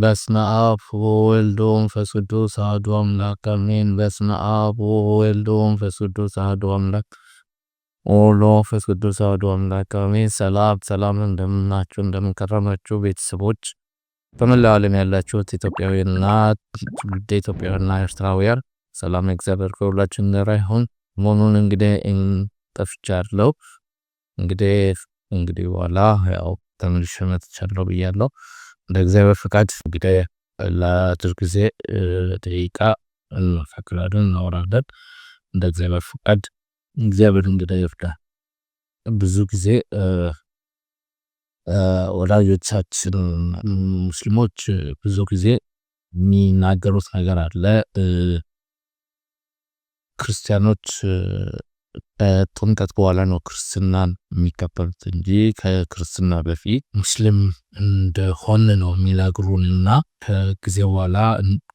በስመ አብ ወወልድ ወመንፈስ ቅዱስ አሐዱ አምላክ አሜን። በስመ አብ ወወልድ ወመንፈስ ቅዱስ አሐዱ አምላክ ወወልድ ወመንፈስ ቅዱስ አሐዱ አምላክ አሜን። ሰላም ሰላም፣ እንደምናችሁ እንደምንከረማችሁ ቤተሰቦች በመላው ዓለም ያላችሁት ኢትዮጵያውያንና ትውልደ ኢትዮጵያውያንና ኤርትራውያን ሰላም እግዚአብሔር ከሁላችን ጋር ይሁን። መሆኑን እንግዲህ ጠፍቻለሁ እንግዲህ እንግዲህ በኋላ ያው ተመልሼ መጥቻለሁ ብያለሁ። እንደ እግዚአብሔር ፍቃድ እንግዲህ ለአጭር ጊዜ ደቂቃ እንፈክላለን፣ እናወራለን። እንደ እግዚአብሔር ፍቃድ እግዚአብሔር እንግዲህ ይርዳል። ብዙ ጊዜ ወዳጆቻችን ሙስሊሞች ብዙ ጊዜ የሚናገሩት ነገር አለ ክርስቲያኖች ከጥምቀት በኋላ ነው ክርስትናን የሚቀበሉት እንጂ ከክርስትና በፊት ሙስሊም እንደሆን ነው የሚነግሩን እና ከጊዜ በኋላ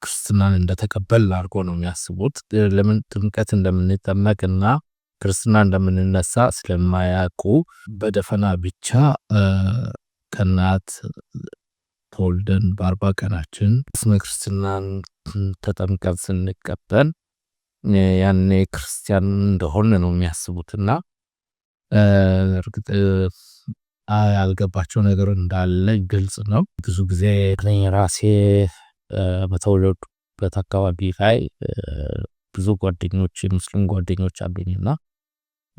ክርስትናን እንደተቀበል አድርጎ ነው የሚያስቡት። ለምን ጥምቀት እንደምንጠመቅ እና ክርስትና እንደምንነሳ ስለማያውቁ በደፈና ብቻ ከእናት ተወልደን በአርባ ቀናችን ስመ ክርስትናን ተጠምቀን ስንቀበል ያኔ ክርስቲያን እንደሆነ ነው የሚያስቡትና እርግጥ ያልገባቸው ነገር እንዳለ ግልጽ ነው። ብዙ ጊዜ ራሴ በተወለዱበት አካባቢ ላይ ብዙ ጓደኞች ሙስሊም ጓደኞች አሉኝና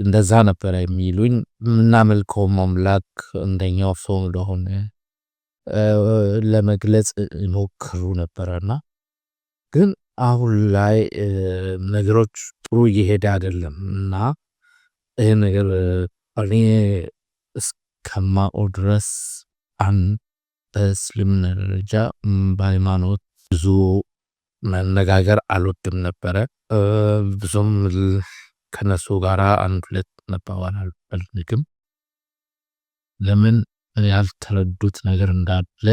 እንደዛ ነበረ የሚሉኝ። የምናመልከው አምላክ እንደኛው ሰው እንደሆነ ለመግለጽ ሞክሩ ነበረና ግን አሁን ላይ ነገሮች ጥሩ እየሄደ አይደለም እና ይህ ነገር እኔ እስከማውቀው ድረስ በእስልምና ደረጃ በሃይማኖት ብዙ መነጋገር አልወድም ነበረ። ብዙም ከነሱ ጋር አንድ ሁለት መባባል አልፈልግም። ለምን ያልተረዱት ነገር እንዳለ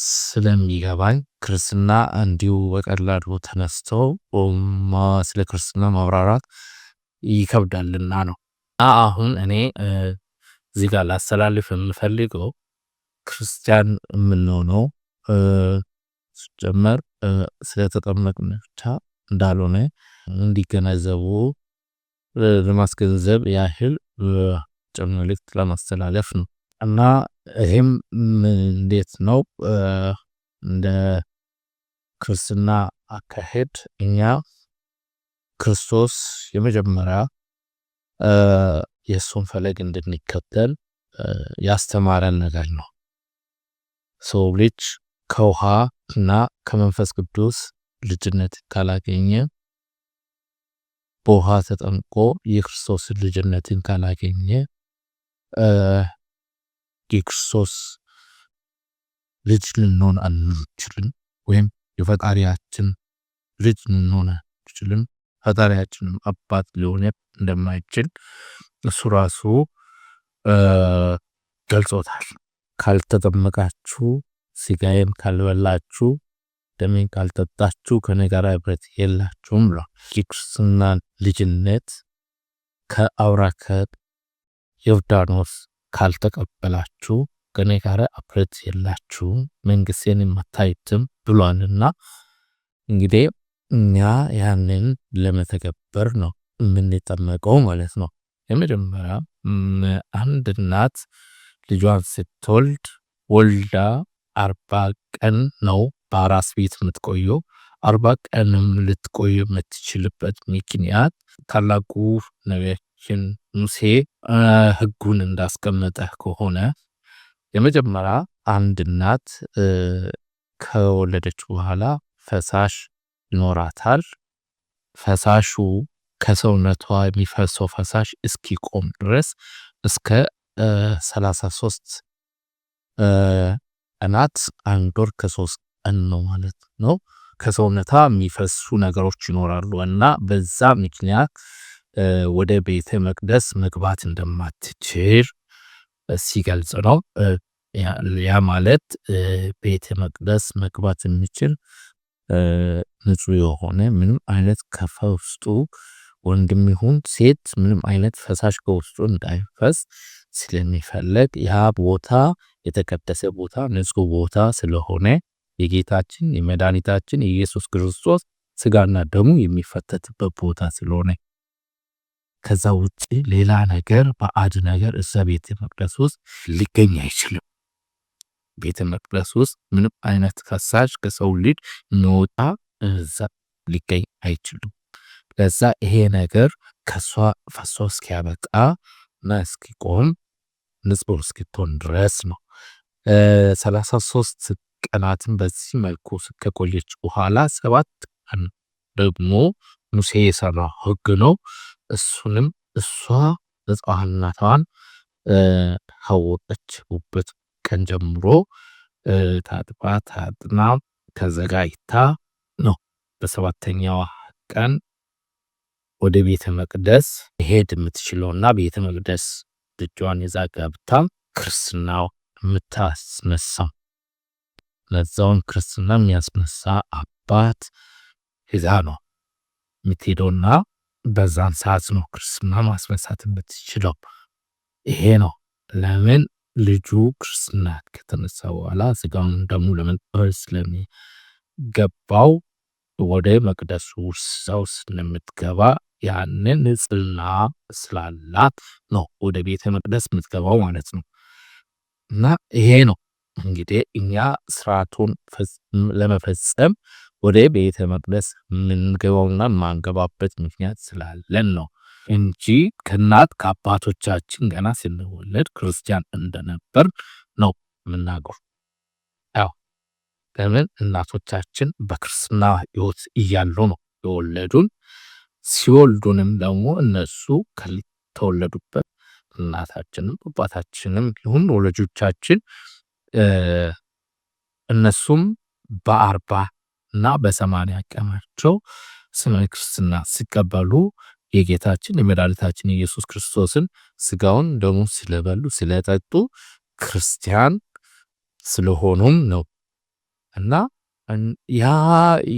ስለሚገባኝ ክርስትና እንዲሁ በቀላሉ ተነስቶ ስለ ክርስትና ማብራራት ይከብዳልና ነው። አሁን እኔ እዚህ ጋር ላስተላልፍ የምፈልገው ክርስቲያን የምንሆነው ስጀመር ስለተጠመቅን ብቻ እንዳልሆነ እንዲገነዘቡ ለማስገንዘብ ያህል ጭምር መልእክት ለማስተላለፍ ነው። እና ይህም እንዴት ነው እንደ ክርስትና አካሄድ እኛ ክርስቶስ የመጀመሪያ የእሱን ፈለግ እንድንከተል ያስተማረን ነገር ነው። ሰው ልጅ ከውሃ እና ከመንፈስ ቅዱስ ልጅነት ካላገኘ በውሃ ተጠምቆ የክርስቶስን ልጅነትን ካላገኘ ኤክሶስ ልጅ ልንሆን አንችልም፣ ወይም የፈጣሪያችን ልጅ ልንሆን አንችልም። ፈጣሪያችንም አባት ሊሆን እንደማይችል እሱ ራሱ ገልጾታል። ካልተጠመቃችሁ ስጋዬን ካልበላችሁ ደሜን ካልጠጣችሁ ከኔ ጋር ህብረት የላችሁም ብሏል። የክርስትና ልጅነት ከአውራከት ዮርዳኖስ ካልተቀበላችሁ ከኔ ጋር አብረት የላችሁም መንግስቴን የማታዩትም ብሏልና እንግዲህ እኛ ያንን ለመተገበር ነው የምንጠመቀው ማለት ነው። የመጀመሪያ አንድ እናት ልጇን ስትወልድ ወልዳ አርባ ቀን ነው በአራስ ቤት የምትቆየው። አርባ ቀንም ልትቆይ የምትችልበት ምክንያት ታላቁ ነቢያ ችን ሙሴ ህጉን እንዳስቀመጠ ከሆነ የመጀመሪያ አንድ እናት ከወለደች በኋላ ፈሳሽ ይኖራታል። ፈሳሹ ከሰውነቷ የሚፈሰው ፈሳሽ እስኪቆም ድረስ እስከ 33 ቀናት አንድ ወር ከሶስት ቀን ነው ማለት ነው። ከሰውነቷ የሚፈሱ ነገሮች ይኖራሉ እና በዛ ምክንያት ወደ ቤተ መቅደስ መግባት እንደማትችል ሲገልጽ ነው። ያ ማለት ቤተ መቅደስ መግባት የሚችል ንጹሕ የሆነ ምንም አይነት ከፈውስጡ ወንድም ይሁን ሴት ምንም አይነት ፈሳሽ ከውስጡ እንዳይፈስ ስለሚፈለግ ያ ቦታ የተቀደሰ ቦታ ንጹሕ ቦታ ስለሆነ የጌታችን የመድኃኒታችን የኢየሱስ ክርስቶስ ስጋና ደሙ የሚፈተትበት ቦታ ስለሆነ ከዛ ውጭ ሌላ ነገር በአድ ነገር እዛ ቤተ መቅደስ ውስጥ ሊገኝ አይችልም። ቤተ መቅደስ ውስጥ ምንም አይነት ከሳሽ ከሰው ልጅ ነውጣ እዛ ሊገኝ አይችልም። ለዛ ይሄ ነገር ከሷ ፈሶ እስኪያበቃ እና እስኪቆም ንጹሕ እስኪቶን ድረስ ነው። ሰላሳ ሶስት ቀናትን በዚህ መልኩ ከቆየች በኋላ ሰባት ቀን ደግሞ ሙሴ የሰራ ህግ ነው። እሱንም እሷ ነፃነቷን ካወቀችበት ቀን ጀምሮ ታጥባ ታጥና ተዘጋጅታ ነው በሰባተኛው ቀን ወደ ቤተ መቅደስ መሄድ የምትችለውና ቤተ መቅደስ ልጇን ይዛ ገብታ ክርስትናው የምታስነሳ ለዛውን ክርስትና የሚያስነሳ አባት ይዛ ነው የምትሄደውና በዛን ሰዓት ነው ክርስትና ማስነሳት የምትችለው። ይሄ ነው ለምን ልጁ ክርስትና ከተነሳ በኋላ ስጋውን ደሙ ለመጠበር ስለሚገባው ወደ መቅደሱ ሰው ስለምትገባ ያንን ንጽህና ስላላት ነው ወደ ቤተ መቅደስ የምትገባው ማለት ነው። እና ይሄ ነው እንግዲህ እኛ ስርዓቱን ለመፈጸም ወደ ቤተ መቅደስ የምንገባውና የማንገባበት ምክንያት ስላለን ነው እንጂ ከእናት ከአባቶቻችን ገና ስንወለድ ክርስቲያን እንደነበር ነው የምናገሩ። ያው ለምን እናቶቻችን በክርስትና ሕይወት እያሉ ነው የወለዱን። ሲወልዱንም ደግሞ እነሱ ከተወለዱበት እናታችንም አባታችንም ይሁን ወላጆቻችን እነሱም በአርባ እና በሰማንያ ቀናቸው ስመ ክርስትና ሲቀበሉ የጌታችን የመድኃኒታችን ኢየሱስ ክርስቶስን ስጋውን ደግሞ ስለበሉ ስለጠጡ ክርስቲያን ስለሆኑም ነው እና ያ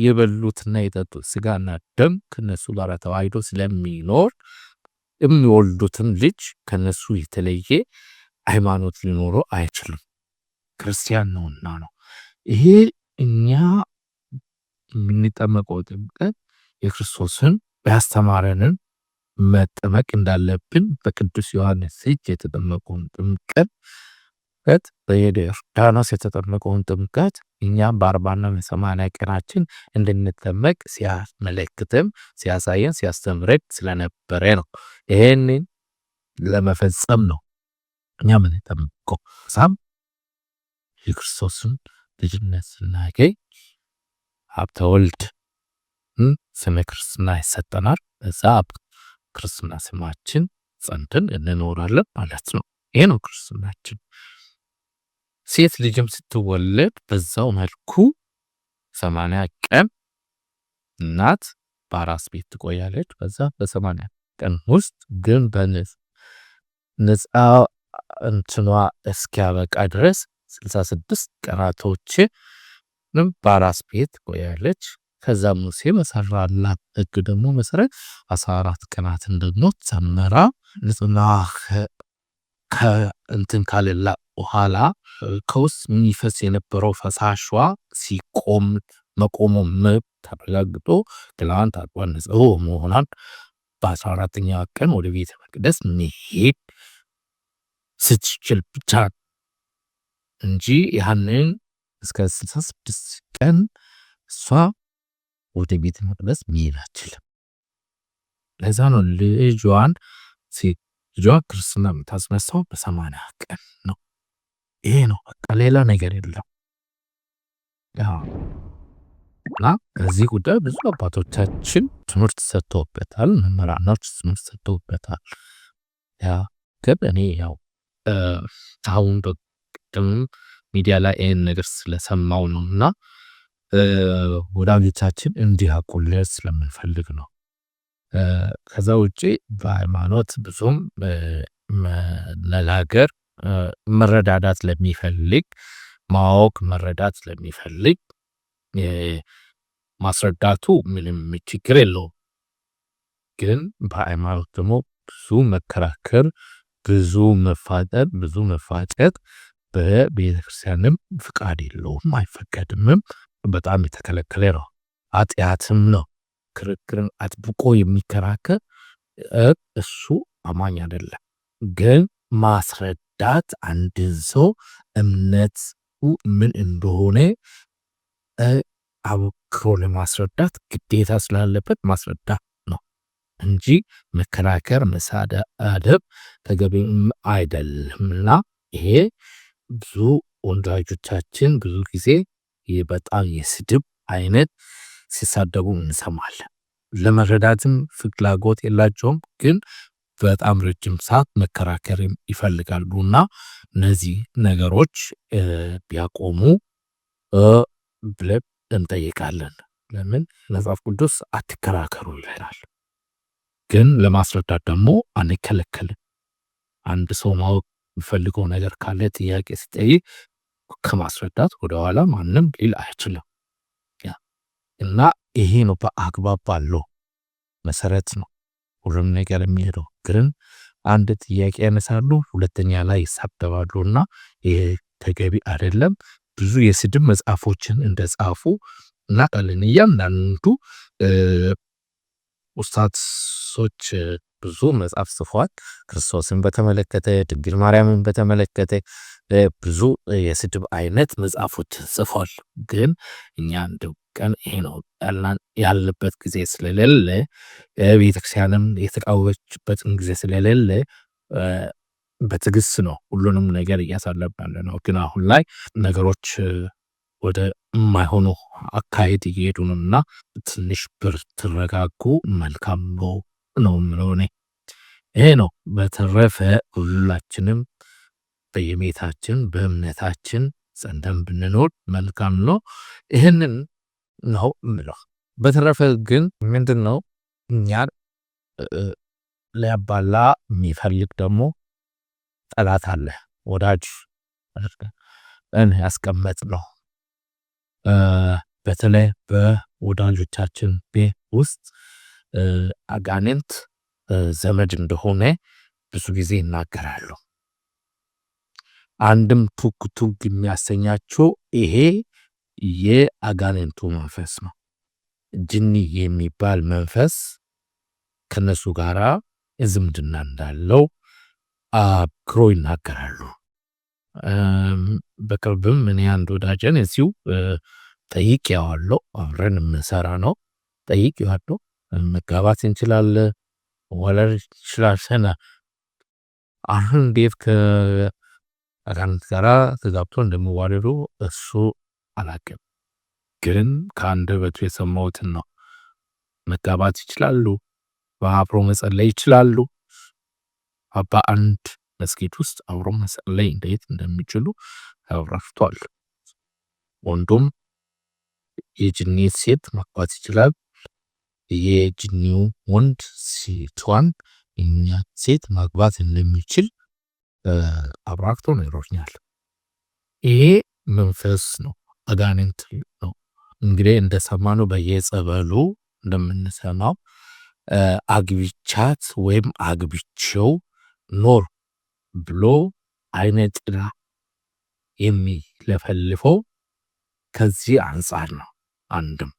የበሉትና የጠጡት ስጋና ደም ከነሱ ጋር ተዋህዶ ስለሚኖር የሚወልዱትን ልጅ ከነሱ የተለየ ሃይማኖት ሊኖረው አይችሉም። ክርስቲያን ነውና ነው። ይሄ እኛ የምንጠመቀው ጥምቀት የክርስቶስን ያስተማረንን መጠመቅ እንዳለብን በቅዱስ ዮሐንስ እጅ የተጠመቀውን ጥምቀት ጥምቀት በዮርዳኖስ የተጠመቀውን ጥምቀት እኛም በአርባና በሰማንያ ቀናችን እንድንጠመቅ ሲያመለክትም ሲያሳየን ሲያስተምረን ስለነበረ ነው። ይህንን ለመፈጸም ነው እኛ ምን የጠመቀው ሳም የክርስቶስን ልጅነት ስናገኝ ሀብተወልድ ወልድ ስመ ክርስትና ይሰጠናል። እዛ ክርስትና ስማችን ጸንተን እንኖራለን ማለት ነው። ይሄ ነው ክርስትናችን። ሴት ልጅም ስትወለድ በዛው መልኩ ሰማንያ ቀን እናት በአራስ ቤት ትቆያለች። በዛ በሰማንያ ቀን ውስጥ ግን በንጽ እንትኗ እስኪያበቃ ድረስ ስልሳ ስድስት ቀናቶች በአራስ ቤት ቆያለች። ከዛ ሙሴ በሰራላት ሕግ ደግሞ መሰረት አስራ አራት ቀናትን ደግሞ ጨምራ ንጽና ከእንትን ካልላ በኋላ ከውስጥ የሚፈስ የነበረው ፈሳሿ ሲቆም መቆሙ ምብ ተረጋግጦ ትላንት አቋን ንጽሕ መሆኗን በአስራ አራተኛ ቀን ወደ ቤተ መቅደስ መሄድ ስትችል ብቻ እንጂ ያንን እስከ 66 ቀን እሷ ወደ ቤተ መቅደስ መሄድ አችልም። ለዛ ነው ልጇን ልጇ ክርስትና የምታስነሳው በሰማንያ ቀን ነው። ይሄ ነው በቃ ሌላ ነገር የለም። እና ከዚህ ጉዳይ ብዙ አባቶቻችን ትምህርት ሰጥተውበታል፣ መምህራኖች ትምህርት ሰጥተውበታል። ያ ግን እኔ ያው አሁን በቅድምም ሚዲያ ላይ ይህን ነገር ስለሰማው ነው እና ወዳጆቻችን እንዲያውቁልን ስለምንፈልግ ነው። ከዛ ውጭ በሃይማኖት ብዙም መነጋገር መረዳዳት ለሚፈልግ ማወቅ መረዳት ለሚፈልግ ማስረዳቱ ምንም ችግር የለው። ግን በሃይማኖት ደግሞ ብዙ መከራከር፣ ብዙ መፋጠር፣ ብዙ መፋጨት በቤተ ክርስቲያንም ፍቃድ የለውም፣ አይፈቀድምም። በጣም የተከለከለ ነው፣ አጢአትም ነው። ክርክርን አጥብቆ የሚከራከር እሱ አማኝ አይደለም። ግን ማስረዳት አንድን ሰው እምነቱ ምን እንደሆነ አብክሮ ለማስረዳት ግዴታ ስላለበት ማስረዳት ነው እንጂ መከራከር መሳደብ ተገቢ አይደለምና ይሄ ብዙ ወንዳጆቻችን ብዙ ጊዜ በጣም የስድብ አይነት ሲሳደቡ እንሰማለን። ለመረዳትም ፍላጎት የላቸውም፣ ግን በጣም ረጅም ሰዓት መከራከር ይፈልጋሉ እና እነዚህ ነገሮች ቢያቆሙ ብለን እንጠይቃለን። ለምን መጽሐፍ ቅዱስ አትከራከሩ ይላል፣ ግን ለማስረዳት ደግሞ አንከለከልም። አንድ ሰው ማወቅ የምፈልገው ነገር ካለ ጥያቄ ሲጠይቅ ከማስረዳት ወደኋላ ማንም ሊል አይችልም እና ይሄ ነው በአግባብ ባለው መሰረት ነው ሁሉም ነገር የሚሄደው። ግን አንድ ጥያቄ ያነሳሉ፣ ሁለተኛ ላይ ይሳደባሉ እና ይሄ ተገቢ አይደለም። ብዙ የስድብ መጽሐፎችን እንደጻፉ እናውቃለን። እያንዳንዱ ውስታቶች ብዙ መጽሐፍ ጽፏል። ክርስቶስን በተመለከተ ድንግል ማርያምን በተመለከተ ብዙ የስድብ አይነት መጽሐፎች ጽፏል። ግን እኛ አንድ ቀን ይሄ ነው ያለበት ጊዜ ስለሌለ ቤተክርስቲያንም የተቃወችበትን ጊዜ ስለሌለ በትግስት ነው ሁሉንም ነገር እያሳለብን ነው። ግን አሁን ላይ ነገሮች ወደ የማይሆኑ አካሄድ እየሄዱ እና ትንሽ ብር ትረጋጉ መልካም ነው። ነው የምለው እኔ ይሄ ነው። በተረፈ ሁላችንም በየቤታችን በእምነታችን ጸንተን ብንኖር መልካም ነው። ይህንን ነው የምለው። በተረፈ ግን ምንድን ነው እኛ ሊያባላ የሚፈልግ ደግሞ ጠላት አለ። ወዳጅ እን ያስቀመጥ ነው በተለይ በወዳጆቻችን ቤት ውስጥ አጋንንት ዘመድ እንደሆነ ብዙ ጊዜ ይናገራሉ። አንድም ቱግ ቱግ የሚያሰኛቸው ይሄ የአጋንንቱ መንፈስ ነው። ጅኒ የሚባል መንፈስ ከነሱ ጋራ ዝምድና እንዳለው አብክሮ ይናገራሉ። በቅርብም እኔ አንድ ወዳጀን እዚሁ ጠይቅ ያዋለው አብረን የምንሰራ ነው ጠይቅ ያዋለው መጋባት እንችላለን። መዋለድ እንችላለን። አሁን እንዴት ከአጋንንት ጋራ ተጋብቶ እንደሚዋለዱ እሱ አላቅም፣ ግን ከአንደበቱ የሰማሁትን ነው። መጋባት ይችላሉ፣ በአብሮ መጸለይ ይችላሉ። በአንድ መስጊድ ውስጥ አብሮ መጸለይ እንዴት እንደሚችሉ ተብራርቷል። ወንዱም የጅኒት ሴት መግባት ይችላል። የጅኒው ወንድ ሴቷን እኛ ሴት ማግባት እንደሚችል አብራርቶ ነግሮኛል። ይሄ መንፈስ ነው፣ አጋንንት ነው። እንግዲህ እንደሰማነው በየጸበሉ እንደምንሰማው አግቢቻት ወይም አግቢቸው ኖር ብሎ አይነ ጥላ የሚለፈልፈው ከዚህ አንጻር ነው አንድም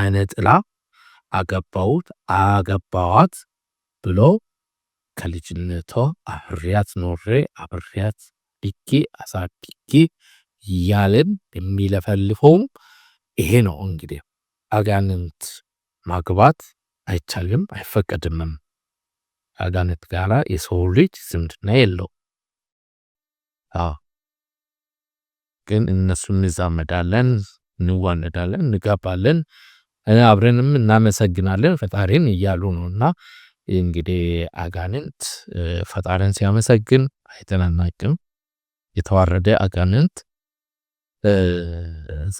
አይነ አገባውት አገባዋት ብሎ ከልጅነቷ አብሬያት ኖሬ አብሬያት ልጌ አሳድጌ እያልን የሚለፈልፈውም ይሄ ነው። እንግዲህ አጋንንት ማግባት አይቻልም፣ አይፈቀድምም። አጋንንት ጋራ የሰው ልጅ ዝምድና የለው። ግን እነሱ እንዛመዳለን፣ እንዋነዳለን፣ እንጋባለን። አብረንም እናመሰግናለን ፈጣሪን እያሉ ነው። እና እንግዲህ አጋንንት ፈጣሪን ሲያመሰግን አይተናናቅም። የተዋረደ አጋንንት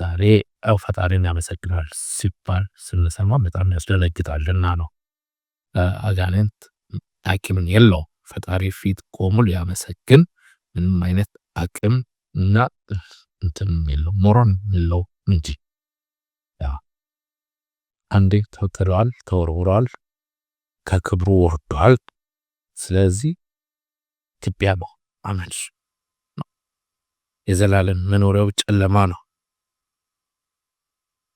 ዛሬ ፈጣሪን ያመሰግናል ሲባል ስንሰማ በጣም ያስደነግጣልና ነው። አጋንንት አቅምን የለው ፈጣሪ ፊት ቆሙ ሊያመሰግን ምንም አይነት አቅም እና እንትን የለው ሞሮን የለው እንጂ አንዴ ተጥሏል፣ ተወርውሯል፣ ከክብሩ ወርዷል። ስለዚህ ኢትዮጵያ አመድ ነው። የዘላለም መኖሪያው ጨለማ ነው፣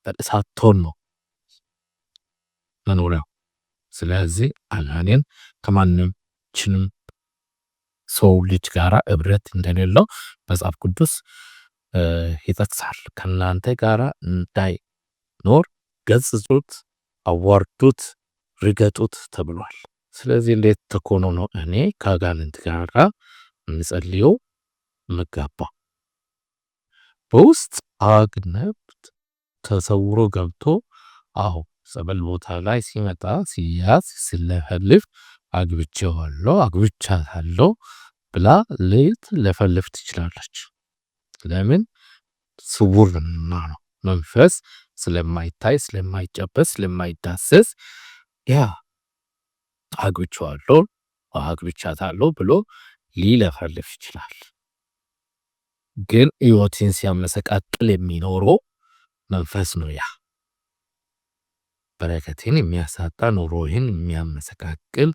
በእሳት ቶን ነው መኖሪያው። ስለዚህ አላኔን ከማንም ችንም ሰው ልጅ ጋራ እብረት እንደሌለው መጽሐፍ ቅዱስ ይጠቅሳል። ከእናንተ ጋራ እንዳይኖር ገጽጹት፣ አዋርዱት፣ ርገጡት ተብሏል። ስለዚህ እንዴት ተኮኖ ነው እኔ ከአጋንንት ጋር ምጸልየው ምጋባ በውስጥ አግነብት ተሰውሮ ገብቶ አሁ ጸበል ቦታ ላይ ሲመጣ ሲያዝ ሲለፈልፍ አግብቼዋለሁ አግብቻታለሁ ብላ ልት ለፈልፍ ትችላለች። ለምን ስውርና ነው። መንፈስ ስለማይታይ ስለማይጨበስ ስለማይዳሰስ ያ አግብቼዋለሁ አግብቻታለሁ ብሎ ሊለፈልፍ ይችላል። ግን ህይወትን ሲያመሰቃቅል የሚኖረው መንፈስ ነው። ያ በረከትን የሚያሳጣ ኑሮህን የሚያመሰቃቅል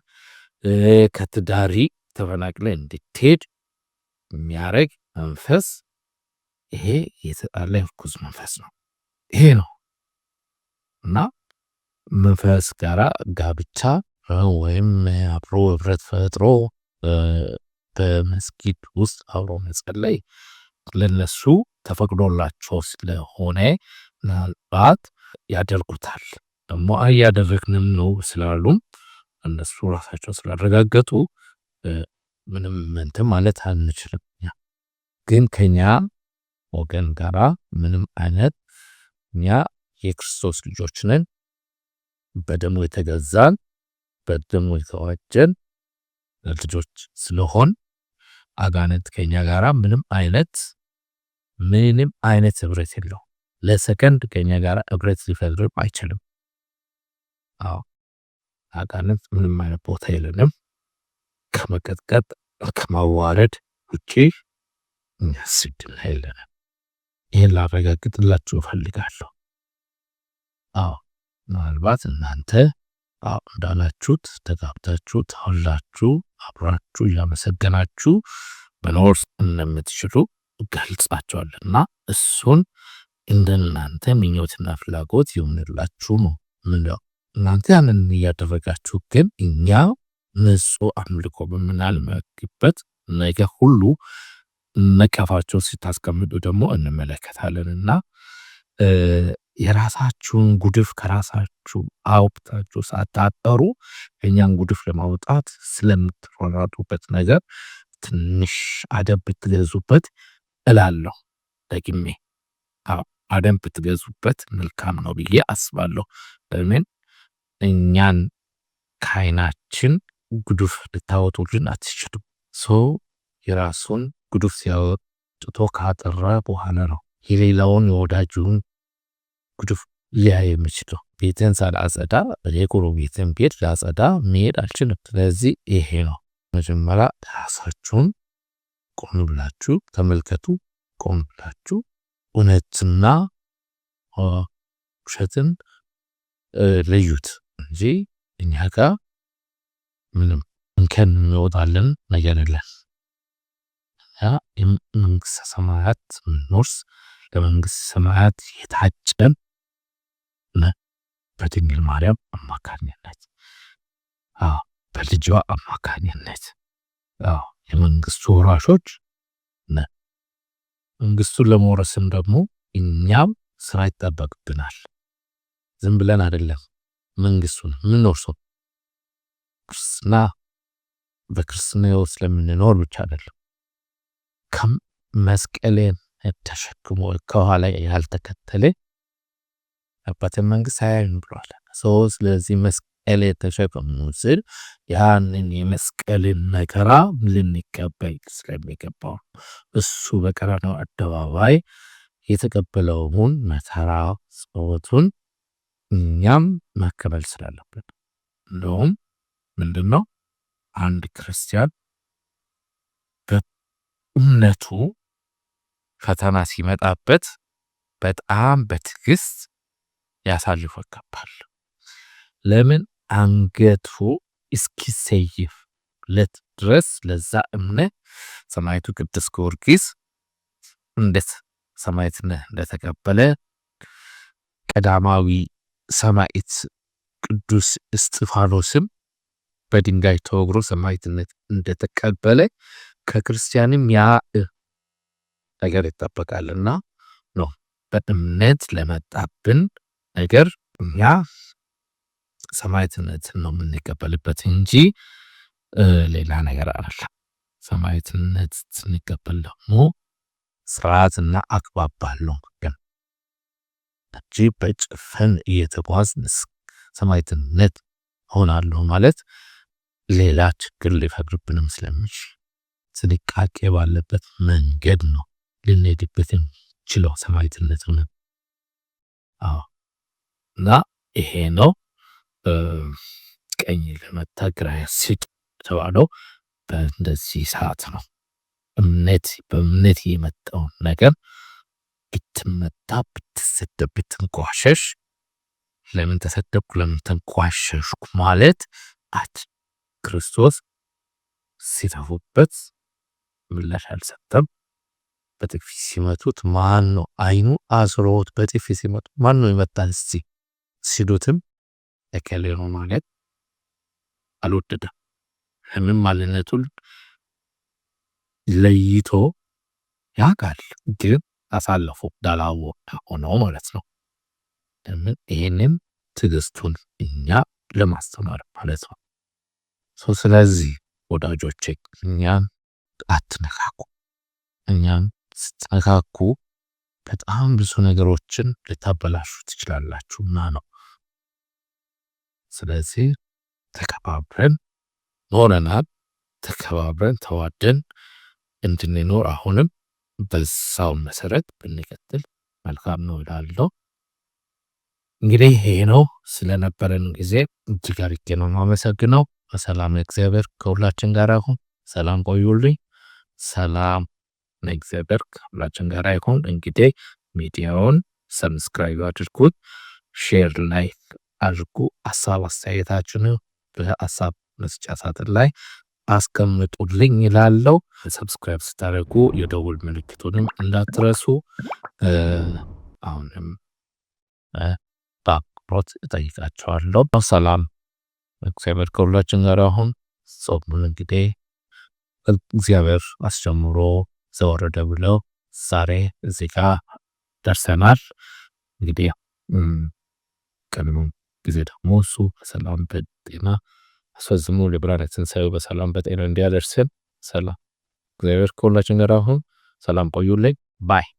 ከትዳሪ ተፈናቅለ እንድትሄድ የሚያደረግ መንፈስ ይሄ የተጣለ ርኩስ መንፈስ ነው። ይሄ ነው እና መንፈስ ጋራ ጋብቻ ወይም አብሮ ህብረት ፈጥሮ በመስጊድ ውስጥ አብሮ መጸለይ ለነሱ ተፈቅዶላቸው ስለሆነ ምናልባት ያደርጉታል። ደግሞ እያደረግንም ነው ስላሉም እነሱ ራሳቸው ስላረጋገጡ ምንም እንትን ማለት አንችልም። ግን ከኛ ወገን ጋራ ምንም አይነት እኛ የክርስቶስ ልጆች ነን። በደሙ የተገዛን በደሙ የተዋጀን ልጆች ስለሆን አጋንንት ከኛ ጋራ ምንም አይነት ምንም አይነት ህብረት የለው። ለሰከንድ ከኛ ጋራ ህብረት ሊፈጥርም አይችልም። አዎ አጋንንት ምንም አይነት ቦታ የለንም። ከመቀጥቀጥ ከማዋረድ ውጪ እኛ ስድና የለንም። ይህን ላረጋግጥላችሁ እፈልጋለሁ። አዎ ምናልባት እናንተ እንዳላችሁት ተጋብታችሁ ተወላችሁ አብራችሁ እያመሰገናችሁ መኖር እንደምትችሉ ገልጻቸዋልና እሱን እንደናንተ ምኞትና ፍላጎት ይሆንላችሁ ነው ምንለው። እናንተ ያንን እያደረጋችሁ ግን እኛ ንጹሕ አምልኮ በምናልመግበት ነገር ሁሉ ነቀፋቸውን ስታስቀምጡ ደግሞ እንመለከታለን እና የራሳችሁን ጉድፍ ከራሳችሁ አውጥታችሁ ሳታጠሩ እኛን ጉድፍ ለማውጣት ስለምትሯሯጡበት ነገር ትንሽ አደብ ብትገዙበት እላለሁ። ደግሜ አደብ ብትገዙበት መልካም ነው ብዬ አስባለሁ። ለምን እኛን ከአይናችን ጉድፍ ልታወጡልን አትችሉም። ሰው የራሱን ቅዱስ አውጥቶ ካጠረ በኋላ ነው የሌላውን የወዳጁን ጉድፍ ሊያ የምችለው። ቤትን ሳላጸዳ ቤትን ቤት ላጸዳ መሄድ አልችልም። ስለዚህ ይሄ ነው መጀመሪያ ራሳችሁን ቆም ብላችሁ ተመልከቱ። ቆም ብላችሁ እውነትና ውሸትን ለዩት እንጂ እኛ ጋር ምንም እንከን እንወጣለን ነገር የለን። መንግስተ ሰማያት ስንኖርስ ለመንግስተ ሰማያት የታጨን በድንግል ማርያም አማካኝነት በልጇ አማካኝነት የመንግስቱ ወራሾች መንግስቱን ለመውረስም ደግሞ እኛም ስራ ይጠበቅብናል። ዝም ብለን አይደለም መንግስቱን የምንወርሰው ክርስትና በክርስትና ስለምንኖር ብቻ አይደለም። መስቀሌን ተሸክሞ ከኋላ ያልተከተለ አባትን መንግስት አያዩም ብሏል። ሰው ስለዚህ መስቀሌ ተሸክሙ ስል ያንን የመስቀልን መከራ ልንቀበል ስለሚገባው እሱ በቀራንዮ አደባባይ የተቀበለውን መከራ ጽወቱን እኛም መከበል ስላለብን እንደውም ምንድን ነው አንድ ክርስቲያን እምነቱ ፈተና ሲመጣበት በጣም በትዕግስት ያሳልፎ ይገባል። ለምን አንገቱ እስኪሰይፍለት ድረስ ለዛ እምነት ሰማዕቱ ቅዱስ ጊዮርጊስ እንዴት ሰማዕትነት እንደተቀበለ ቀዳማዊ ሰማዕት ቅዱስ እስጢፋኖስም በድንጋይ ተወግሮ ሰማዕትነት እንደተቀበለ ከክርስቲያንም ያ ነገር ይጠበቃልና ነው። በእምነት ለመጣብን ነገር እኛ ሰማዕትነትን ነው የምንቀበልበት እንጂ ሌላ ነገር አይደለም። ሰማዕትነት ስንቀበል ደግሞ ስርዓትና አግባብ ባለው ግን እንጂ በጭፍን እየተጓዝን ሰማዕትነት ሆናለሁ ማለት ሌላ ችግር ሊፈግርብንም ስለሚችል ጥንቃቄ ባለበት መንገድ ነው ልንሄድበት የምንችለው ሰማዕትነት ነ እና ይሄ ነው ቀኝ ለመታ ግራ ያስቅ የተባለው በእንደዚህ ሰዓት ነው። እምነት በእምነት የመጣውን ነገር ብትመታ፣ ብትሰደብ፣ ብትንቋሸሽ ለምን ተሰደብኩ፣ ለምን ተንቋሸሽኩ ማለት አት ክርስቶስ ሲተፉበት ምላሽ አልሰጠም። በጥፊ ሲመቱት ማን ነው አይኑ አስሮት በጥፊ ሲመቱ ማን ነው ይመጣል እስቲ ሲሉትም እከሌ ነው ማለት አልወደደም። ህምም ማንነቱን ለይቶ ያውቃል፣ ግን አሳለፉ ዳላቦ ሆነው ማለት ነው። ለምን ይህንን ትዕግስቱን እኛ ለማስተማር ማለት ነው። ስለዚህ ወዳጆቼ እኛን አትነካኩ። እኛም ስትነካኩ በጣም ብዙ ነገሮችን ልታበላሹ ትችላላችሁና ነው። ስለዚህ ተከባብረን ኖረናል። ተከባብረን ተዋደን እንድንኖር አሁንም በዛው መሰረት ብንቀጥል መልካም ነው እላለሁ። እንግዲህ ይሄ ነው ስለነበረን ጊዜ እጅግ አድርጌ ነው የማመሰግነው። በሰላም እግዚአብሔር ከሁላችን ጋር አሁን ሰላም ቆዩልኝ። ሰላም እግዚአብሔር ከሁላችን ጋር ይሁን። እንግዲህ ሚዲያውን ሰብስክራይብ አድርጉት፣ ሼር ላይ አድርጉ። ሀሳብ አስተያየታችን በሀሳብ መስጫ ሳጥን ላይ አስቀምጡልኝ ይላለው። ሰብስክራይብ ስታደርጉ የደውል ምልክቱንም እንዳትረሱ አሁንም በአክብሮት እጠይቃቸዋለሁ። ሰላም እግዚአብሔር ከሁላችን ጋር አሁን ጾሙን እንግዲህ እግዚአብሔር አስጀምሮ ዘወረደ ብለው ዛሬ እዚ ጋ ደርሰናል። እንግዲህ ቀድሞ ጊዜ ደግሞ እሱ በሰላም በጤና አስፈዝሙ ለብርሃነ ትንሣኤው በሰላም በጤና እንዲያደርስን ሰላም እግዚአብሔር ከሁላችን ጋር አሁን ሰላም ቆዩልኝ ባይ